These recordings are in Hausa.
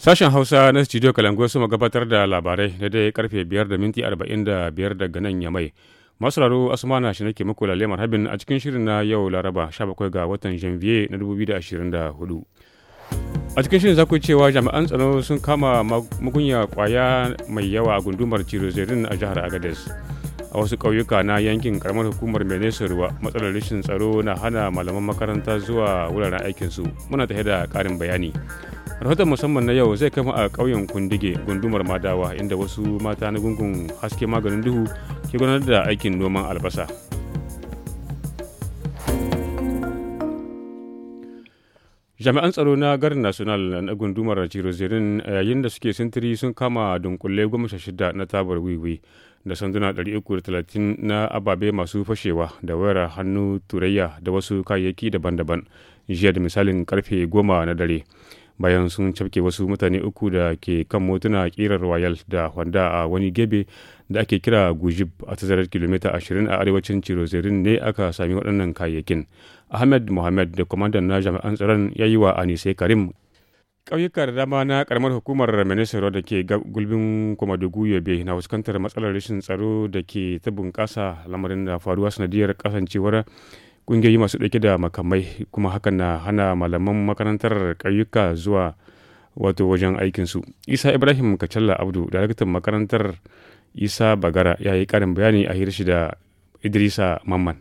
Sashen Hausa na Studio Kalangoy su gabatar da labarai na dai karfe 5 da minti 45 daga nan Yamai. raro Asmana shi nake muku lalemar habin a cikin shirin na yau Laraba 17 ga watan Janvier na 2024. A cikin shirin za ku cewa jami'an tsaro sun kama mugunya kwaya mai yawa a gundumar Cirozerin a jihar Agadez. a wasu ƙauyuka na yankin karamar hukumar ruwa matsalar rashin tsaro na hana malaman makaranta zuwa wuraren aikinsu muna tafiya da ƙarin bayani rahoton musamman na yau zai kama a ƙauyen kundige gundumar madawa inda wasu mata na gungun haske maganin duhu ke gudanar da aikin noman albasa jami'an tsaro na garin national na gundumar zirin yayin da suke sintiri sun kama dunkule goma sha shida na tabar wiwi da sanduna 330 na ababe masu fashewa da wayar hannu turayya da wasu kayayyaki daban-daban jiya da misalin karfe goma na dare bayan sun cafke wasu mutane uku da ke kan motuna kirar royal da wanda a wani gebe da ake kira gujib a tazarar kilomita 20 a arewacin cirozirin ne aka sami waɗannan kayayyakin ahmed mohamed da kwamandan na jami'an tsaron ya yi wa anise karim ƙauyuka da dama na ƙaramar hukumar minisiro da ke gulbin komadugu yobe na fuskantar matsalar rashin tsaro da ke ta bunƙasa lamarin da faruwa sanadiyar kasancewar ƙungiyoyi masu ɗauke da makamai kuma hakan na hana malaman makarantar ƙauyuka zuwa wato wajen aikinsu isa ibrahim kacalla abdu daraktan makarantar isa bagara ya yi ƙarin bayani a hirshi da idrisa mamman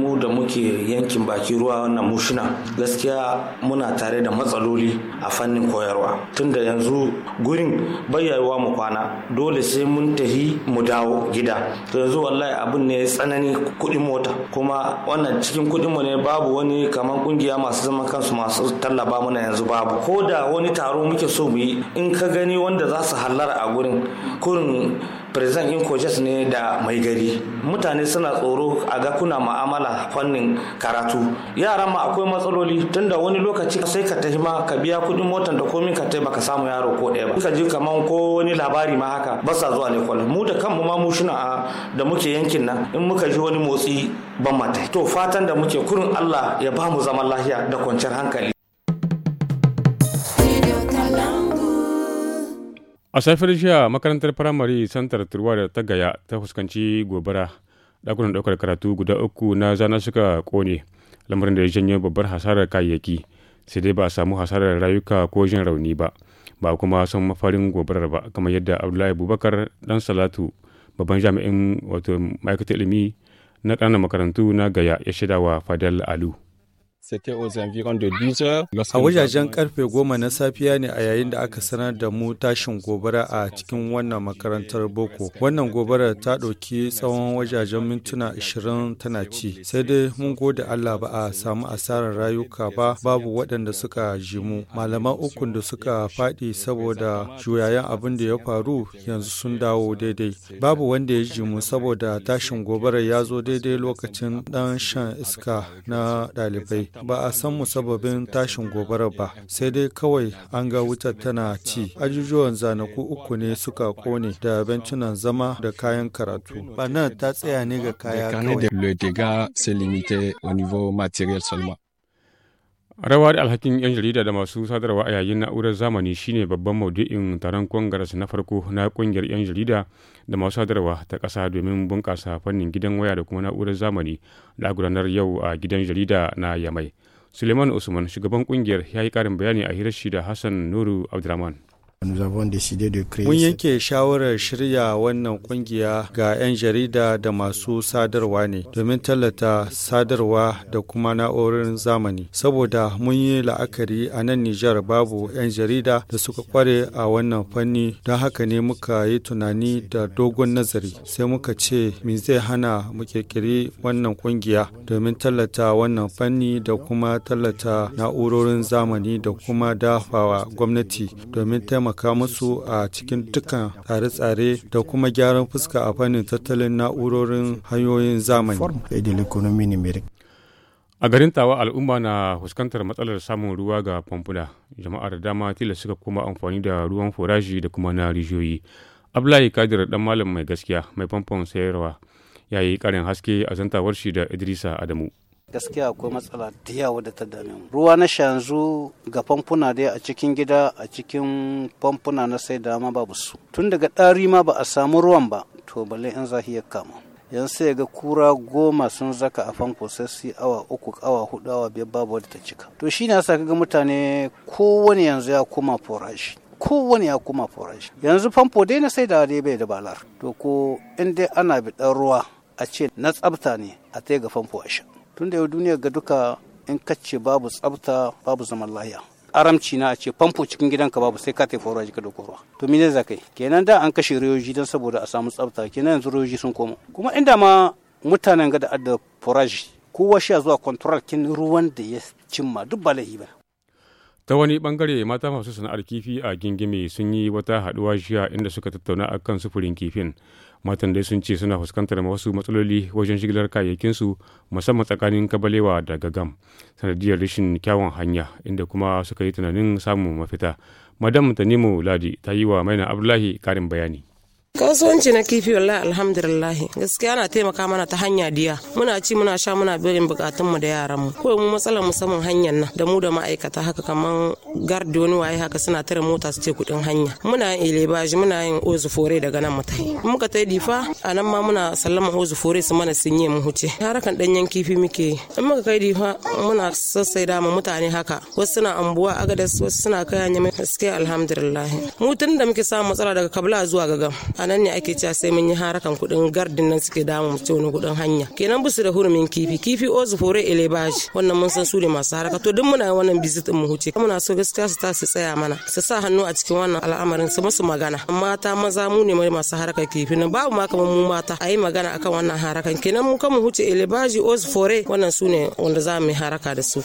mu da muke yankin baki ruwa wannan mushina gaskiya muna tare da matsaloli a fannin koyarwa tunda yanzu gurin bayyawa mu kwana dole sai mun tahi mu dawo gida to yanzu wallahi abin ne tsanani kuɗin mota kuma wannan cikin kuɗin mu ne babu wani kamar kungiya masu zaman kansu masu tallaba muna yanzu babu ko da wani taro muke so mu yi in ka gani wanda za su hallara a gurin kurin president incojes ne da mai gari mutane suna tsoro a ga kuna ma'amala fannin karatu Yaran ma akwai matsaloli tunda wani lokaci sai ka tafi ma ka biya kuɗin motar da komin ka baka samu yaro ko ɗaya ba ka ji kaman ko wani labari ma haka ba sa zuwa lekwal mu da kanmu ma mu shina da muke yankin nan in muka ji wani motsi ban mata to fatan da muke kurin Allah ya ba mu zaman lafiya da kwanciyar hankali A safiyar jiya makarantar firamare Santar Turwa ta Gaya ta fuskanci gobara ɗakunan ɗaukar karatu guda uku na zana suka ƙone lamarin da ya janyo babbar hasarar kayayyaki sai dai ba a samu hasarar rayuka ko jin rauni ba ba kuma san mafarin gobarar ba kamar yadda Abdullahi Abubakar dan Salatu babban jami'in wato ma'aikatar ilimi na ƙananan makarantu na Gaya ya wa Fadal Alu. A wajajen karfe goma na safiya ne a yayin da aka sanar da mu tashin gobara a cikin wannan makarantar boko. Wannan gobara ta ɗauki tsawon wajajen mintuna 20 tana ci. Sai dai mun gode Allah ba a samu asarar rayuka ba babu waɗanda suka jimu. Malaman ukun da suka faɗi saboda juyayen abin da ya faru yanzu sun dawo daidai. Babu wanda ya jimu saboda tashin gobara ya zo daidai lokacin ɗan shan iska na ɗalibai. ba a san musababin tashin gobara ba sai dai kawai an ga wutar tana ci ajujuwan zanaku uku ne suka kone da bencunan zama da kayan karatu nan ta tsaya ne ga kaya kawai rawa da alhakin 'yan jarida da masu sadarwa a yayin na'urar zamani shine babban maudu'in taron kongres na farko na kungiyar 'yan jarida da masu sadarwa ta kasa domin bunƙasa fannin gidan waya da kuma na'urar zamani da gudanar yau a gidan jarida na yamai suleiman usman shugaban kungiyar ya yi karin bayani a hirar shi da hassan nuru abdulrahman Mun yanke shawarar shirya wannan kungiya ga 'yan jarida da masu sadarwa ne domin tallata sadarwa da kuma na'urorin zamani. Saboda mun yi la'akari a nan Nijar babu 'yan jarida da suka kware a wannan fanni don haka ne muka yi tunani da dogon nazari sai muka ce me zai hana mu kirkiri wannan kungiya domin tallata wannan fanni da kuma tallata na'urorin zamani da kuma dafawa gwamnati domin taimaka taimaka musu a cikin dukkan tsare-tsare da kuma gyaran fuska a fannin tattalin na'urorin hanyoyin zamani. A garin tawa al'umma na fuskantar matsalar samun ruwa ga famfuna, jama'a da dama tilas suka kuma amfani da ruwan foraji da kuma na rijiyoyi. Abdullahi Kadir dan malam mai gaskiya mai famfon sayarwa ya yi karin haske a zantawar shi da Idrisa Adamu. gaskiya akwai matsala da yawa da ta dame mu ruwa na shanzu ga famfuna dai a cikin gida a cikin famfuna na sai dama babu su tun daga ɗari ma ba a samu ruwan ba to balle in zahi ya kama yan sai ga kura goma sun zaka a famfo sai su awa uku awa hudu awa biyar babu wadda ta cika to shi ne yasa kaga mutane kowane yanzu ya koma forashi kowane ya koma forashi yanzu famfo dai na sai da dai bai da balar to ko in dai ana biɗar ruwa a ce na tsafta ne a ta ga famfo a sha tun da yau duniya ga duka in kace babu tsafta babu zaman lahiya aramci na a ce famfo cikin gidanka babu sai ka taifa ruwa jika da ruwa to mine za kai kenan da an kashe riyoji don saboda a samu tsafta kenan yanzu riyoji sun koma kuma inda ma mutanen ga da adda kowa shi zuwa control kin ruwan da ya cimma duk ba laifi ba ta wani bangare mata masu sana'ar kifi a gingime sun yi wata haduwa jiya inda suka tattauna akan sufurin kifin matan dai sun ce suna fuskantar wasu matsaloli wajen jigilar kayayyakinsu musamman tsakanin kabalewa da gagam sanadiyar rashin kyawun hanya inda kuma suka yi tunanin samun mafita madam tanimu ladi ta yi wa maina abdullahi karin bayani kasuwanci na kifi wallahi alhamdulillah gaskiya na taimaka mana ta hanya diya muna ci muna sha muna birin bukatun mu da yaran mu ko mu matsalar musamman hanyar nan da mu da ma'aikata haka kaman gardi wani waye haka suna tare mota su ce kudin hanya muna yin elebaji muna yin ozu fore daga nan mu tai muka tai difa a ma muna sallama ozu su mana sun yi mu huce harakan danyen kifi muke in muka kai difa muna sassaida mu mutane haka wasu suna ambuwa agadas wasu suna kai hanya mai gaskiya alhamdulillah mu tun da muke samu matsala daga kabla zuwa gagam a nan ne ake cewa sai mun yi harakan kuɗin gardin nan suke damu mutum wani kuɗin hanya kenan busu da hurumin kifi kifi ozu fore elebaji wannan mun san su ne masu haraka to duk muna wannan bizit mu huce muna so gaskiya su ta su tsaya mana su sa hannu a cikin wannan al'amarin su musu magana mata maza mu ne masu haraka kifi nan babu ma kamar mu mata a yi magana akan wannan harakan kenan mu kan mu huce elebaji ozu fore wannan su ne wanda za mu yi haraka da su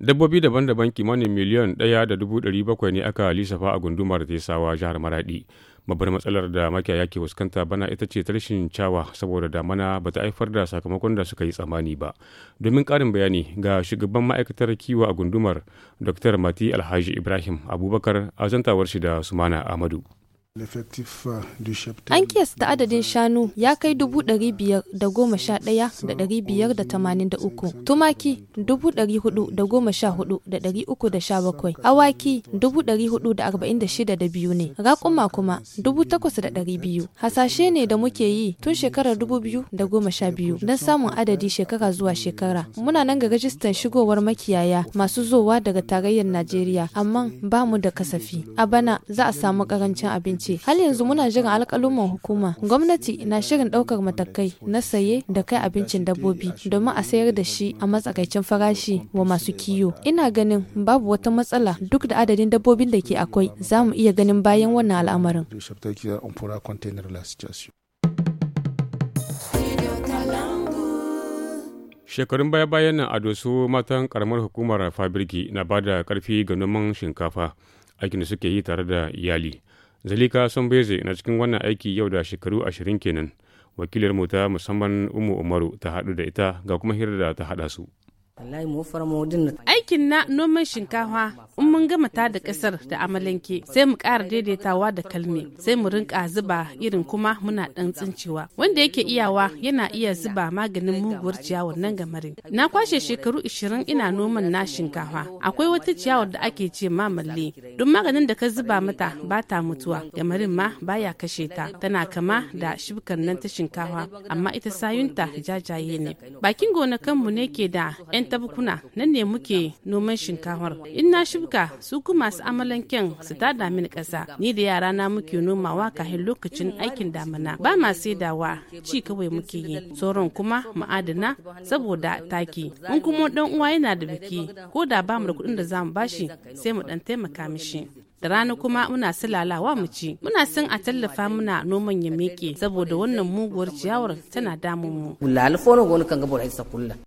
dabbobi daban-daban kimanin miliyan ɗaya da dubu ɗari bakwai ne aka lissafa a gundumar tesawa jihar maraɗi babbar matsalar da makiyaya ke fuskanta bana ita ce rashin cawa saboda damana ba ta haifar da sakamakon da suka yi tsammani ba domin ƙarin bayani ga shugaban ma'aikatar kiwo a gundumar dr mati alhaji ibrahim abubakar a zantawar shi da sumana amadu Euh, An kiyasta adadin shanu ya kai dubu ɗari biyar da goma sha ɗaya da ɗari biyar da tamanin da uku, tumaki dubu ɗari hudu da goma sha hudu da ɗari uku da sha bakwai, awaki dubu ɗari hudu da arba'in da shida da biyu ne, raƙuma kuma dubu takwas da ɗari biyu. Hasashe ne da muke yi tun shekarar dubu biyu da goma sha biyu don samun adadi shekara zuwa shekara. Muna nan ga rajistan shigowar makiyaya masu zowa daga tarayyar Najeriya amma ba mu da kasafi. A bana za a samu ƙarancin abinci. ce har yanzu muna jiran alƙaluman hukuma. Gwamnati na shirin ɗaukar matakai na saye da kai abincin dabbobi domin a sayar da shi a matsakaicin farashi wa masu kiyo. Ina ganin babu wata matsala duk da adadin dabbobin da ke akwai za mu iya ganin bayan wannan al'amarin. shekarun baya-bayan nan a dosu matan karamar hukumar fabirki na ba da karfi ga noman shinkafa aikin da suke yi tare da iyali zalika sun beze na cikin wannan aiki yau da shekaru ashirin kenan wakilar mota musamman umu umaru ta haɗu da ita ga kuma hirar da ta haɗa su wallahi aikin na noman shinkafa in mun gama ta da kasar da amalanke sai mu ƙara daidaitawa da kalme sai mu rinka zuba irin kuma muna ɗan tsincewa wanda yake iyawa yana iya zuba maganin muguwar ciyawar nan gamarin na kwashe shekaru 20 ina noman na shinkafa akwai wata ciyawar da ake ce ma malle duk maganin da ka zuba mata ba ta mutuwa gamarin ma baya kashe ta tana kama da shibkar nan ta shinkafa amma ita sayunta jajaye ne bakin gonakanmu ne ke da 'yan tabkuna nan ne muke noman shinkafar in na shibka su kuma masu amalan kyan su ta mini ƙasa ni da yara na muke nomawa kafin lokacin aikin damina ba ma sai dawa ci kawai muke yi sauran kuma ma'adana saboda taki in kuma dan uwa yana da biki ko da ba mu da kuɗin da za mu bashi sai mu ɗan taimaka mishi da rana kuma muna sulalawa mu ci muna son a tallafa muna noman ya miƙe saboda wannan muguwar ciyawar tana damun mu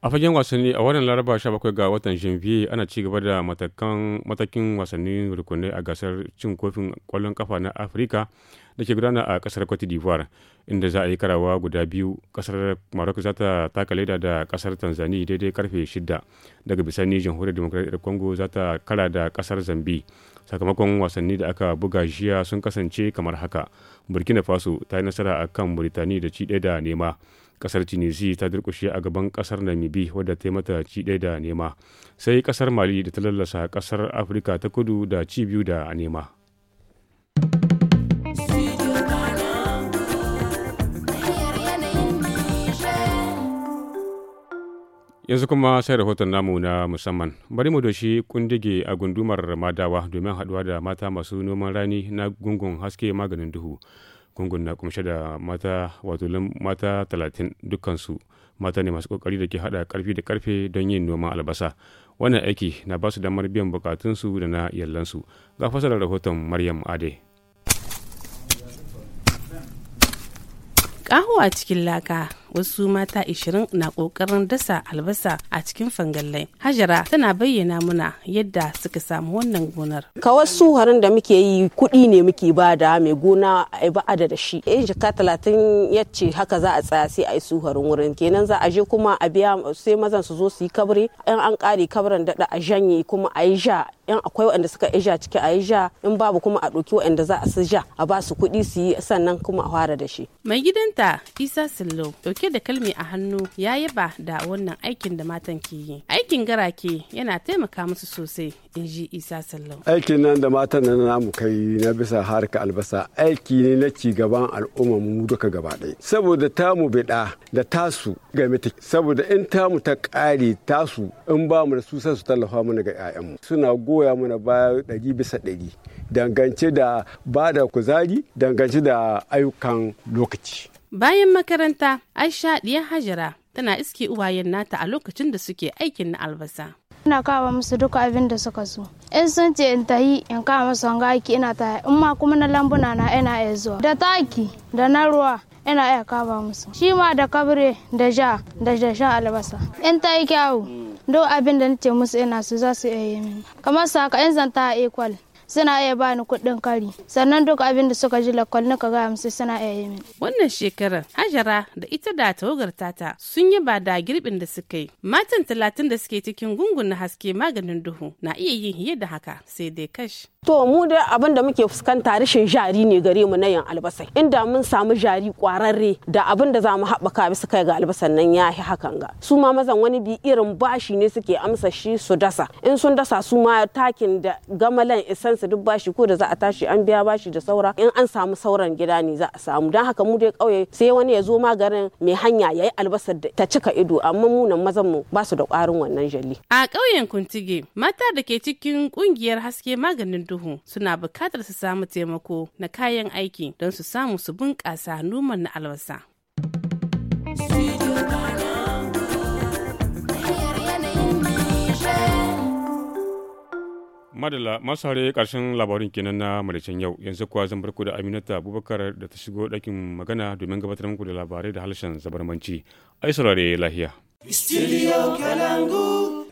a fagen wasanni a wannan laraba 17 ga watan janvier ana ci gaba da matakin wasannin rukunai a gasar cin kofin kwallon kafa na afirka da ke gudana a kasar cote d'ivoire inda za a yi karawa guda biyu kasar maroc za ta taka leda da kasar tanzania daidai karfe 6 daga bisani jamhuriyar demokradiyyar congo za ta kara da kasar zambi sakamakon wasanni da aka buga jiya sun kasance kamar haka burkina faso ta yi nasara a kan da ci da nema kasar tunisia ta durkushe a gaban kasar namibi wadda ta yi mata ci ɗaya da nema sai kasar mali da ta lallasa kasar afirka ta kudu da ci biyu da nema yanzu kuma sai rahoton namu na musamman bari mu doshi kundige a gundumar madawa domin haduwa da mata masu noman rani na gungun haske maganin duhu gungun na kumshe da mata wato mata talatin dukkansu mata ne masu kokari da ke hada karfi da karfe don yin noman albasa wannan aiki na ba su damar biyan bukatunsu da na yallansu ga fasarar rahoton maryam ade kaho a cikin laka wasu mata 20 na kokarin dasa albasa a cikin fangalai hajara tana bayyana muna yadda suka samu wannan gonar ka wasu harin da muke yi kuɗi ne muke ba da mai gona a ba'ada da shi in eh, jika talatin ya ce haka za a tsaya sai a yi suharin wurin kenan za a je kuma a biya sai mazan su zo su yi kabri in an kare kabran daɗa a janye kuma a yi ja in akwai waɗanda suka yi ja ciki a yi ja in babu kuma a ɗauki waɗanda za a su ja a ba su kuɗi su yi sannan kuma a fara da shi mai gidanta isa sillo rike da kalmi a hannu ya yaba da wannan aikin da matan ke yi aikin garake yana taimaka musu sosai in ji isa sallau aikin nan da matan nan namu kai na bisa harka albasa aiki ne na ci gaban al'ummar mu duka gaba ɗaya saboda tamu bida da tasu game ta saboda in tamu ta ƙare tasu in ba mu da su sai su tallafa mana ga mu. suna goya mana baya ɗari bisa ɗari dangance da ba da kuzari dangance da ayyukan lokaci Bayan makaranta, Aisha ɗiyar Hajara tana iske uwayen nata a lokacin da suke aikin na albasa. Ina kawo musu duka abin da suka so. In sun ce in tahi in kawo musu wanga aiki ina ta in ma kuma na lambuna na ina iya zuwa. Da taki da na ruwa ina iya kawo musu. Shi ma da kabre da ja da jasha albasa. In ta yi kyawu. Duk abin da nace musu ina su za su iya yi mini. Kamar saka in zanta equal. suna iya bani kuɗin kari sannan duk abin da suka ji lakwal na kaga amsa suna iya yi min. wannan shekarar hajara da ita da tawagar tata sun yi ba da girbin da suka yi matan talatin da suke cikin gungun na haske maganin duhu na iya yin hiye da haka sai dai kash. To mu da abin da muke fuskanta rashin jari ne gare mu na yin albasa. Inda mun samu jari kwararre da abin da za mu haɓaka bisa kai ga albasan nan ya yi hakan ga. Su ma mazan wani bi irin bashi ne suke amsa shi su dasa. In sun dasa su ma takin da gamalan isan su duk bashi ko da za a tashi an biya bashi da saura. In an samu sauran gida ne za a samu. Don haka mu dai kauye sai wani ya zo ma garin mai hanya ya yi albasar da ta cika ido amma mu nan mazan mu ba su da ƙwarin wannan jali. A ƙauyen Kuntige mata da ke cikin ƙungiyar haske maganin Salihu suna bukatar su samu taimako na kayan aiki don su samu su bunƙasa noman na albasa. madala masu hare karshen labarin kenan na madacin yau yanzu kuwa zan barku da aminata abubakar da ta shigo ɗakin magana domin gabatar muku da labarai da harshen zabarmanci ai saurare lahiya studio kalangu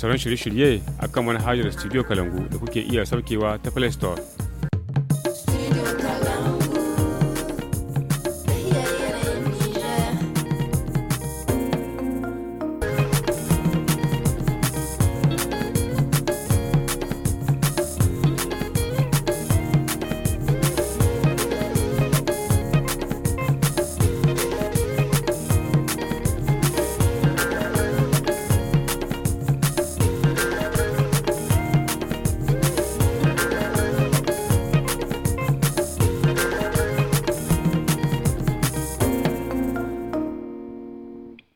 sauran shirye-shirye a kan manhajar Studio Kalangu da kuke iya saukewa ta Play Store.